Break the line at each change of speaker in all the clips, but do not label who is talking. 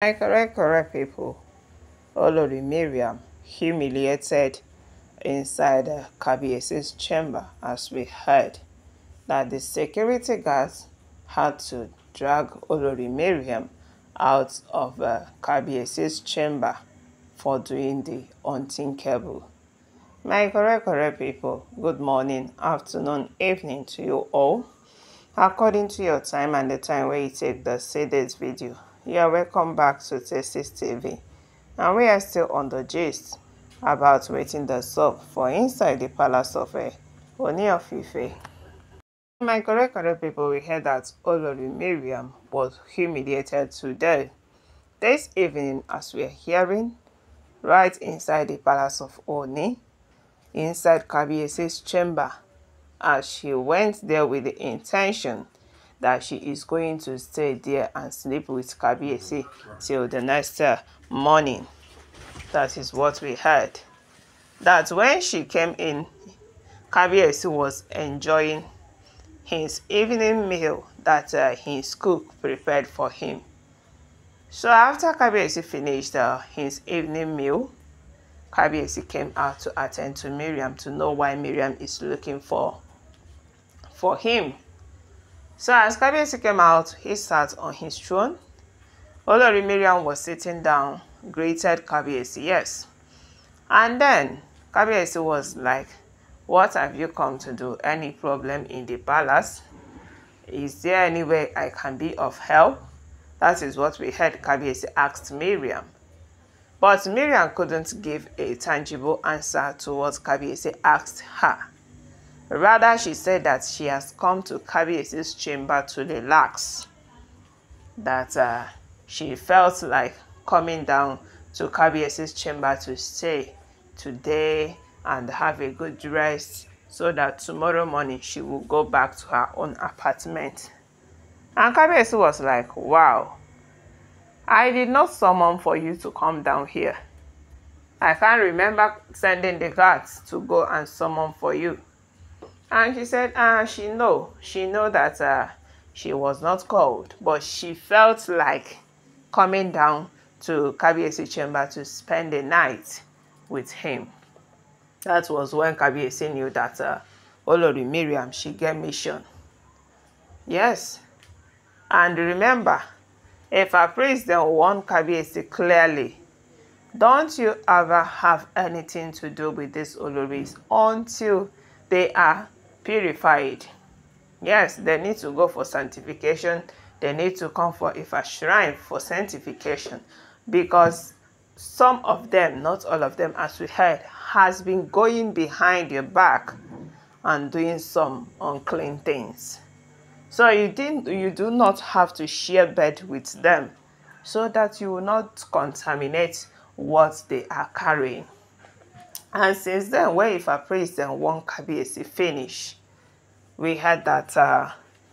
My correct, correct people, Olori Miriam humiliated inside the KBS's chamber as we heard that the security guards had to drag Olori Miriam out of uh, KBS's chamber for doing the unthinkable. My correct, correct people, good morning, afternoon, evening to you all. According to your time and the time where you take the see this video, you are welcome back to Testies TV and we are still on the gist about waiting the sub for inside the palace of uh, Ooni of Ife. My correct other people we heard that Olori Miriam was humiliated today this evening as we are hearing right inside the palace of Oni, inside Kabiesi's chamber as she went there with the intention that she is going to stay there and sleep with Kabiesi mm-hmm. till the next uh, morning. That is what we heard. That when she came in, Kabiesi was enjoying his evening meal that uh, his cook prepared for him. So after Kabiesi finished uh, his evening meal, Kabiesi came out to attend to Miriam to know why Miriam is looking for for him so as Kabiyesi came out, he sat on his throne. Olori Miriam was sitting down, greeted Kabiyesi, yes. And then Kabiyesi was like, what have you come to do? Any problem in the palace? Is there any way I can be of help? That is what we heard Kabiyesi asked Miriam. But Miriam couldn't give a tangible answer to what asked her. Rather, she said that she has come to Kabiesi's chamber to relax, that uh, she felt like coming down to Kabiesi's chamber to stay today and have a good rest so that tomorrow morning she will go back to her own apartment. And Kabiesi was like, wow, I did not summon for you to come down here. I can't remember sending the guards to go and summon for you and she said uh, she know she know that uh, she was not called but she felt like coming down to Kabiesi chamber to spend the night with him that was when Kabiesi knew that uh, Olori Miriam she get mission yes and remember if a priest then warned Kabiesi clearly don't you ever have anything to do with these Oloris until they are purified. Yes, they need to go for sanctification. They need to come for if a shrine for sanctification because some of them, not all of them, as we heard, has been going behind your back and doing some unclean things. So you didn't you do not have to share bed with them so that you will not contaminate what they are carrying. And since then, where if a priest and one kabiyesi finish, we heard that uh,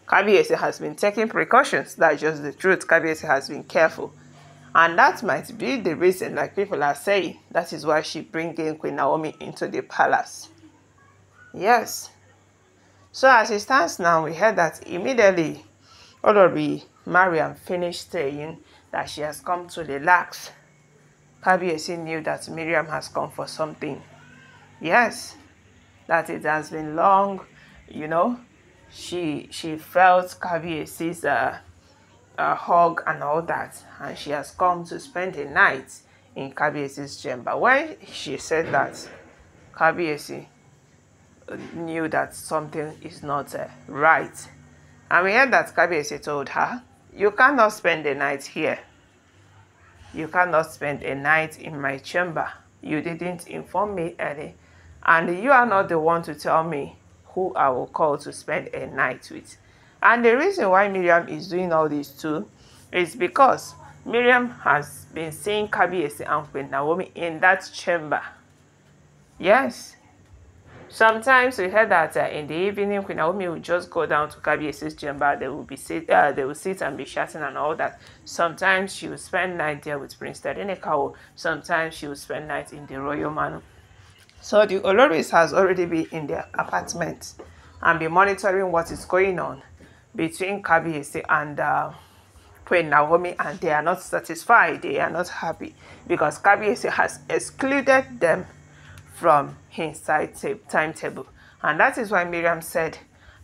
Kabiesi has been taking precautions. That's just the truth. Kabiesi has been careful. And that might be the reason, like people are saying, that is why she bringing Queen Naomi into the palace. Yes. So as it stands now, we heard that immediately Olori Mariam finished saying that she has come to relax. Kabiesi knew that Miriam has come for something. Yes, that it has been long you know she she felt sees a, hug and all that and she has come to spend the night in Kabiyesi's chamber when she said that Kabiyesi knew that something is not uh, right and we heard that Kabiyesi told her you cannot spend the night here you cannot spend a night in my chamber you didn't inform me early and you are not the one to tell me who I will call to spend a night with. And the reason why Miriam is doing all this too is because Miriam has been seeing Kabiesi and Queen Naomi in that chamber. Yes. Sometimes we heard that uh, in the evening, Queen Naomi would just go down to Kabiesi's chamber. They would be sit, uh, they would sit and be chatting and all that. Sometimes she would spend night there with Prince Tadenekawo. Sometimes she would spend night in the royal manor. So the Oloris has already been in their apartment and be monitoring what is going on between Kabiyesi and uh, Queen Naomi and they are not satisfied, they are not happy because Kabiyesi has excluded them from his timetable. And that is why Miriam said,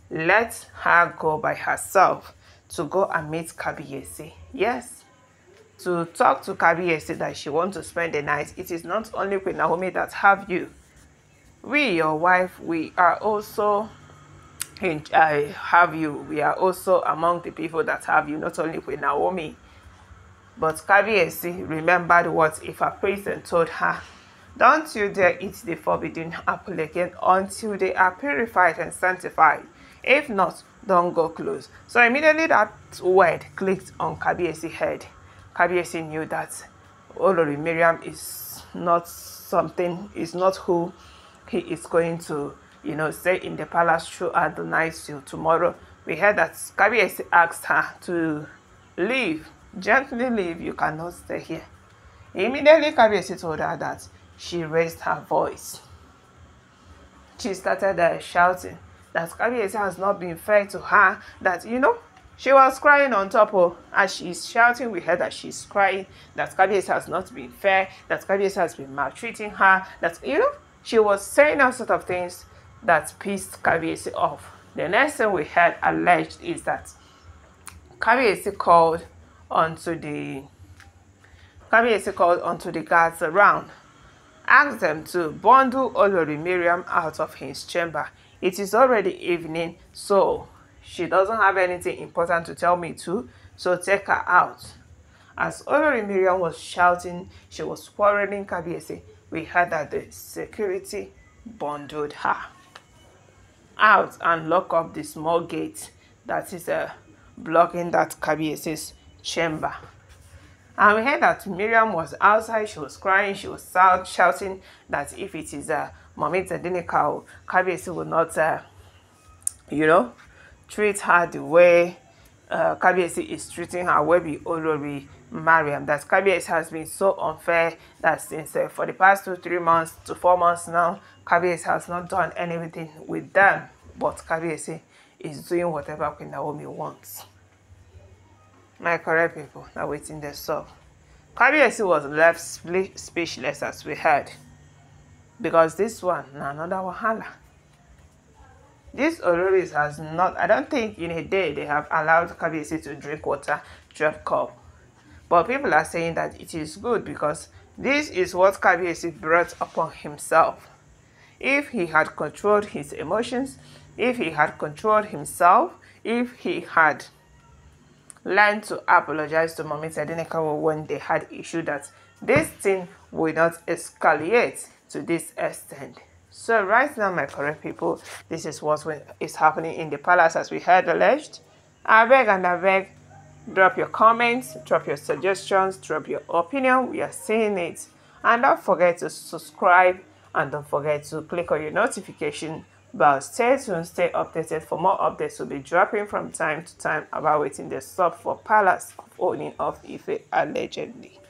let her go by herself to go and meet Kabiyesi. Yes, to talk to Kabiyesi that she wants to spend the night. It is not only Queen Naomi that have you we your wife we are also in, I have you we are also among the people that have you not only with Naomi but Kabiesi remembered what Ifa a and told her don't you dare eat the forbidden apple again until they are purified and sanctified if not don't go close so immediately that word clicked on Kabiesi's head Kabiesi knew that Olori Miriam is not something is not who he is going to, you know, stay in the palace throughout the night till tomorrow. We heard that Kabiesi asked her to leave, gently leave, you cannot stay here. Immediately, Kabiesi told her that she raised her voice. She started uh, shouting that Kabiesi has not been fair to her, that, you know, she was crying on top of, as she's shouting we heard that she's crying, that Kabiesi has not been fair, that Kabiesi has been maltreating her, that, you know, she was saying all sorts of things that pissed Kabiesi off. The next thing we heard alleged is that Kabiesi called onto the Kabiesi called onto the guards around, asked them to bundle Olori Miriam out of his chamber. It is already evening, so she doesn't have anything important to tell me to, so take her out. As Olori Miriam was shouting, she was quarreling Kabiesi we heard that the security bundled her out and locked up the small gate that is uh, blocking that Kabiese's chamber. And we heard that Miriam was outside, she was crying, she was out shouting that if it is uh, Mommy Tadinika, Kabiesi will not, uh, you know, treat her the way uh, Kabiesi is treating her will be Olori Mariam. That Kabiesi has been so unfair that since uh, for the past two, three months to four months now, Kabiesi has not done anything with them. But Kabiesi is doing whatever Queen Naomi wants. My correct people, now waiting their stuff. Kabiesi was left speechless as we heard because this one na another wahala. This Ororis has not, I don't think in a day they have allowed Kabiyesi to drink water, drop cup. But people are saying that it is good because this is what Kabiyesi brought upon himself. If he had controlled his emotions, if he had controlled himself, if he had learned to apologize to Mommy Tedinekawa when they had issue that this thing will not escalate to this extent. So right now, my correct people, this is what is happening in the palace as we heard alleged. I beg and I beg, drop your comments, drop your suggestions, drop your opinion. We are seeing it. And don't forget to subscribe and don't forget to click on your notification bell. Stay tuned, stay updated for more updates will be dropping from time to time about waiting the sub for Palace of owning of Ife allegedly.